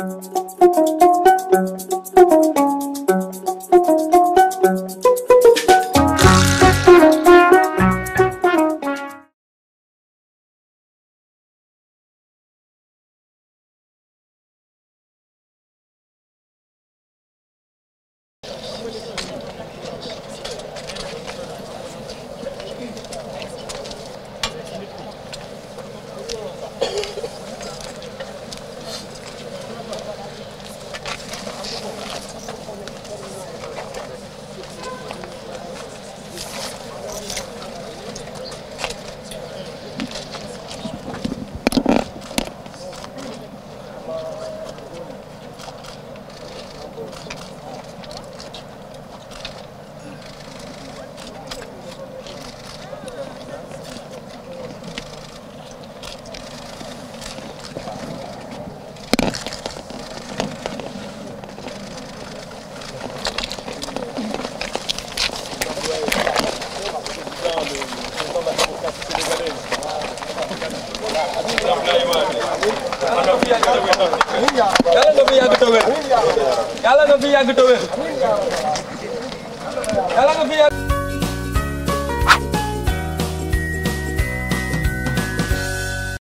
Thank you. yàlla nga fi yàgg te wér yàlla nga fi yàgg te wér